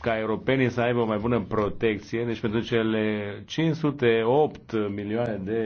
ca europenii să aibă o mai bună protecție, deci pentru cele 508 milioane de